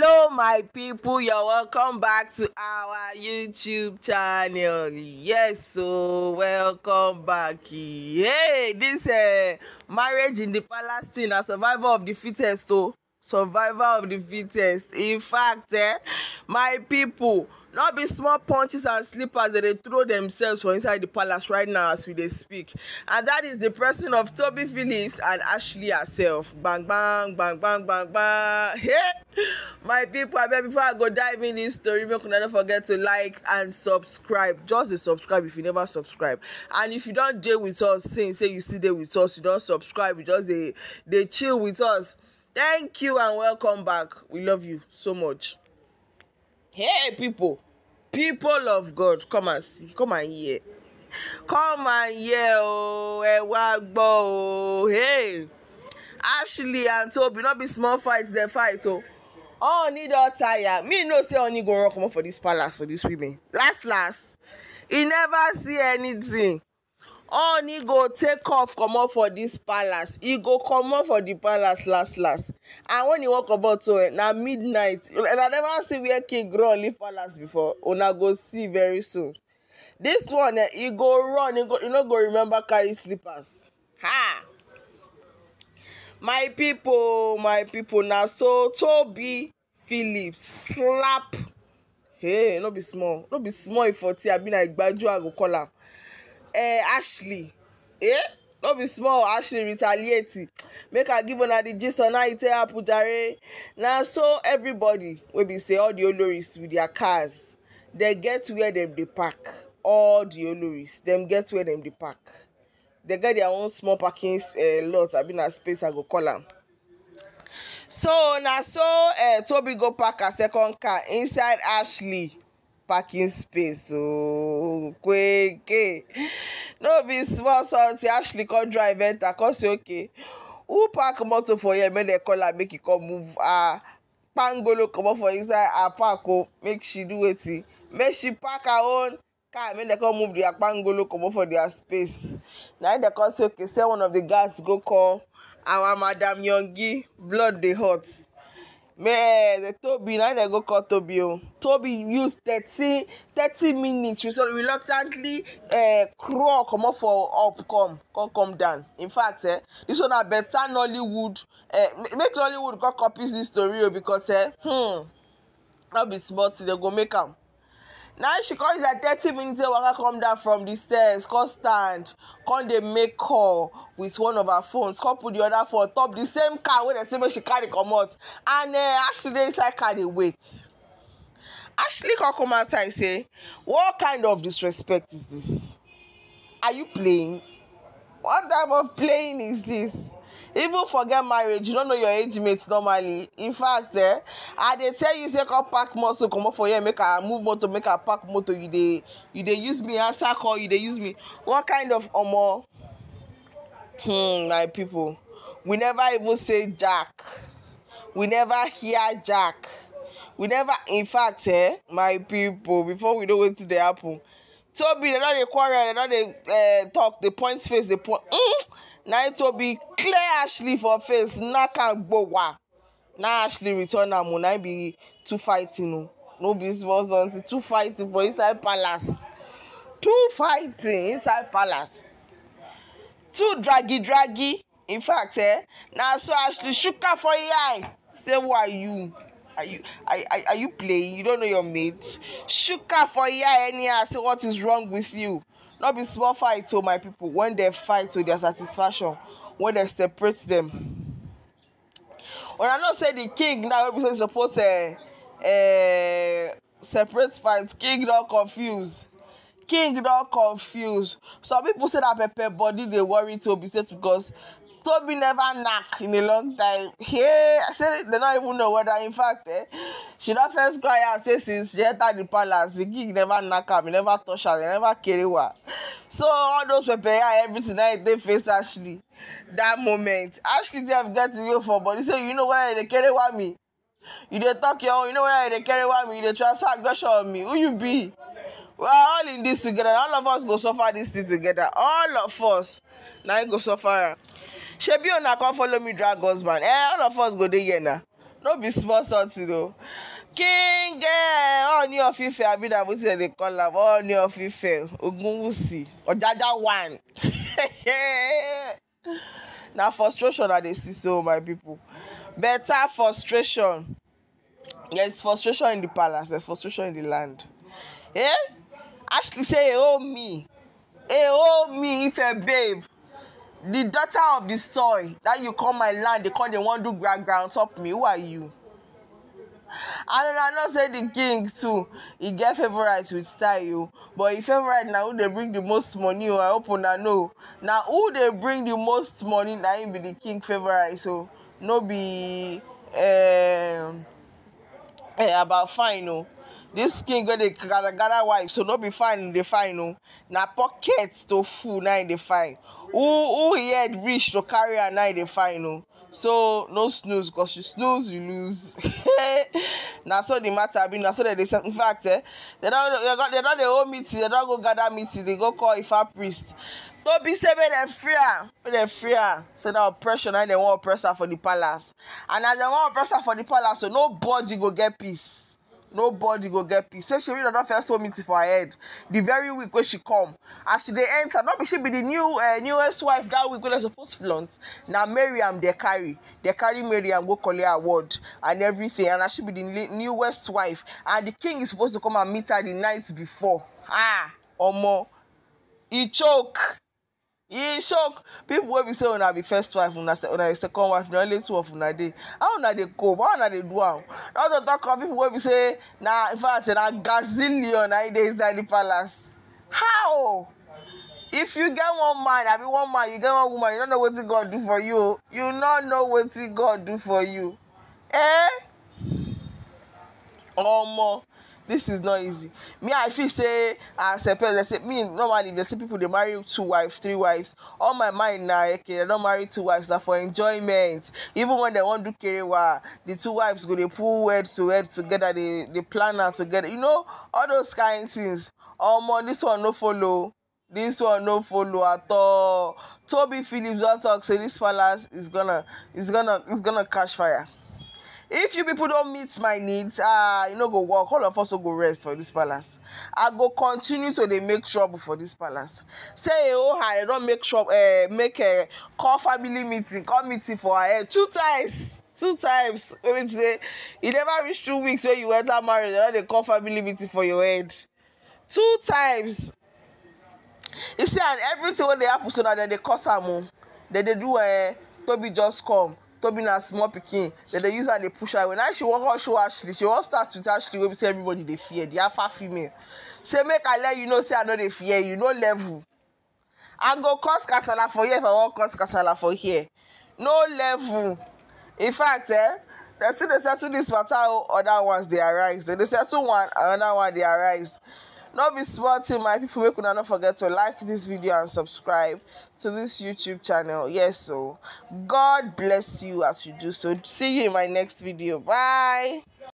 hello my people you're welcome back to our youtube channel yes so welcome back hey this uh, marriage in the palace thing na survival of the fittest Oh survival of the fittest in fact eh my people, no be small punches and slippers dey dey throw themselves for inside the palace right now as we dey speak and that is the person of toby phillips and ashley herself bang bang bang bang bang bang hey my people. abeg before i go dive in dis story make una no forget to like and subscribe just dey subscribe if you never subscribe and if you don dey with us since say you still dey with us you don subscribe you just dey chill with us thank you and welcome back we love you so much hey people people of god come and see come and hear come and hear Oh, oh hey ashley and toby not be small fights. They fight oh. oh, need all tire me no say honey go rock more for this palace for this women last last he never see anything honey go take off comot for dis palace e go comot for di palace last last and wen e wan comot so oh, na midnight una never see where king run leave palace before una oh, go see very soon dis one e go run e no go remember carry slippers ha my pipo my pipo na so toby phillips slap hey no be small no be small if for eh, i bin na igbaju i go call am eh, ashley eh? no be small ashley retaliate make i give una the gist on how e take happen jare na so everybody wey be say all the oloris with their cars dem get where dem dey park all the oloris dem get where dem dey park dem get their own small parking uh, lot abi na space i go call am so na so uh, Toby go park her second car inside ashley parking space ooo kweke no be small something ashley come drive enter come say okay who park motor for here make dem call am make e come move her Pangolo. comot for inside her park o oh, make she do wetin make she park her own car make dem come move their kpangolo comot for their space na im dem come say okay send one of the guards go call our madam yongi blood dey hot man toby na dem go call toby o toby use thirty thirty minutes We so reluctantly uh, crawl comot for up come come come down in fact eh, this one na better nollywood eh, make nollywood come copy this story o because eh, hmm, no be small thing dem go make am. Now she come like thirty minutes wey waka come down from the stairs come stand come dey make call with one of her phones come put the other phone top the same car wey dem say make she carry comot and uh, ashley dey inside car dey wait ashley come come outside say what kind of disrespect is this are you playing what type of playing is this even forget marriage you no know your age mate normally in fact eh i dey tell you say come park motor comot for here make i move motor make i park motor you dey you dey use me answer call you dey use me what kind of omo hmm my people we never even say jack we never hear jack we never in fact eh my people before we know wetin dey happen tobi dem no dey quarrel dem no dey eh, talk dey point face dey point. Mm, na it will be clear ashley for face knack am gbowa na ashley return am o na be two fighting o no be small something two fighting for inside palace two fighting inside palace two draggy draggy in fact eh na so ashley shuka for im eye say who are you are you are, are, you playing you don't know your mate shuka for im any? anyhow say what is wrong with you no be small fight o my people when they fight to their satisfaction when they separate them. dem I know say the king now wey be say suppose eh, eh, separate fight king don confuse king don confuse some people say na pepper body dey worry tobi say because Toby never knack in a long time. Hey, I said they don't even know whether, in fact, eh, she not first cry and say since she entered the palace, the gig never knock her, he never touch her, he never carry her. So all those pepper everything na they face Ashley that moment. Ashley they have got to you for But he said, you know where they carry wa me. You dey talk your own, you know where they carry wa me, you dey transfer aggression on me. Who you be? we are all in this together all of us go suffer this thing together all of us Now you go suffer am shebi una come follow me drag husband eh all of us go dey here na no be small something though. king eh. All new of Ife abi na wetin dem dey call All new of you Ife Ogunwusi Ọ̀jájá one Now frustration i they see so my people better frustration there's frustration in the palace there's frustration in the land eh Actually say oh me oh me if a babe the daughter of the soil that you call my land they call the wan do gra gra top me who are you and i know say the king too He get favorite with style o but e favourite now who they bring the most money o oh, i hope una know Now who they bring the most money na him be the king favorite, so no be um, eh, about fine o. Oh. No. This king wey dey gather gather wife so no be fine im dey fine o na pocket to full na im dey fine who who e head reach to carry am na im dey fine o so no snooze cos you snooze you lose na so the matter be na so they. dey set in fact eh They don They don dey hold meeting They don go gather meeting They go call ifa priest to be say make dem free am make dem free am say na oppression na dem wan oppress am for the palace and as dem wan oppress am for the palace so nobody go get peace nobody go get peace say she na don first hold meeting for her head the very week when she come as she dey enter Not be she be the new uh, newest wife that week wey dem suppose flaunt Now mariam they carry they carry mariam go collect award and everything and as she be the newest wife and the king is supposed to come and meet her the night before ah omo he choke e shock people. wey be say una be first wife una second wife na only two of una dey how una dey cope how una dey do am not to talk of people wey be say na in fact na gazillion na e dey inside the palace how if you get one man i mean one man you get one woman you no know wetin god do for you you no know wetin god do for you eh omo this is not easy me i feel say as a person say me normally dey see people dey marry two wives three wives all my mind na okay i don marry two wives na for enjoyment even when dem wan do kerewa the two wives go dey pull head to head together dey dey plan am together you know all those kind things omo this one no follow this one no follow at all toby phillips don talk say this palace is gonna is gonna is gonna catch fire if you people don't meet my needs ah uh, you no go work all of us go rest for this palace i go continue to they make trouble for this palace say oh i don't make trouble uh, make a eh, call family meeting call meeting for her head two times two times wey be say You never reach two weeks when you enter marriage na they call family meeting for your head two times you see and everything wey they happen so na dem dey cause am o dem dey do uh, Toby just come tobi na small pikin dem dey use her dey push her away now she wan come show ashley she wan start with ashley wey be say everybody dey fear the alpha female say make i let you know say i no dey fear you no level i go cause kasala for here if i wan cause kasala for here no level in fact eh dem still dey settle this matter o oh, other ones dey arise dem dey settle one another one dey arise no be small thing my people make una no forget to like this video and subscribe to this youtube channel yes so god bless you as you do so see you in my next video bye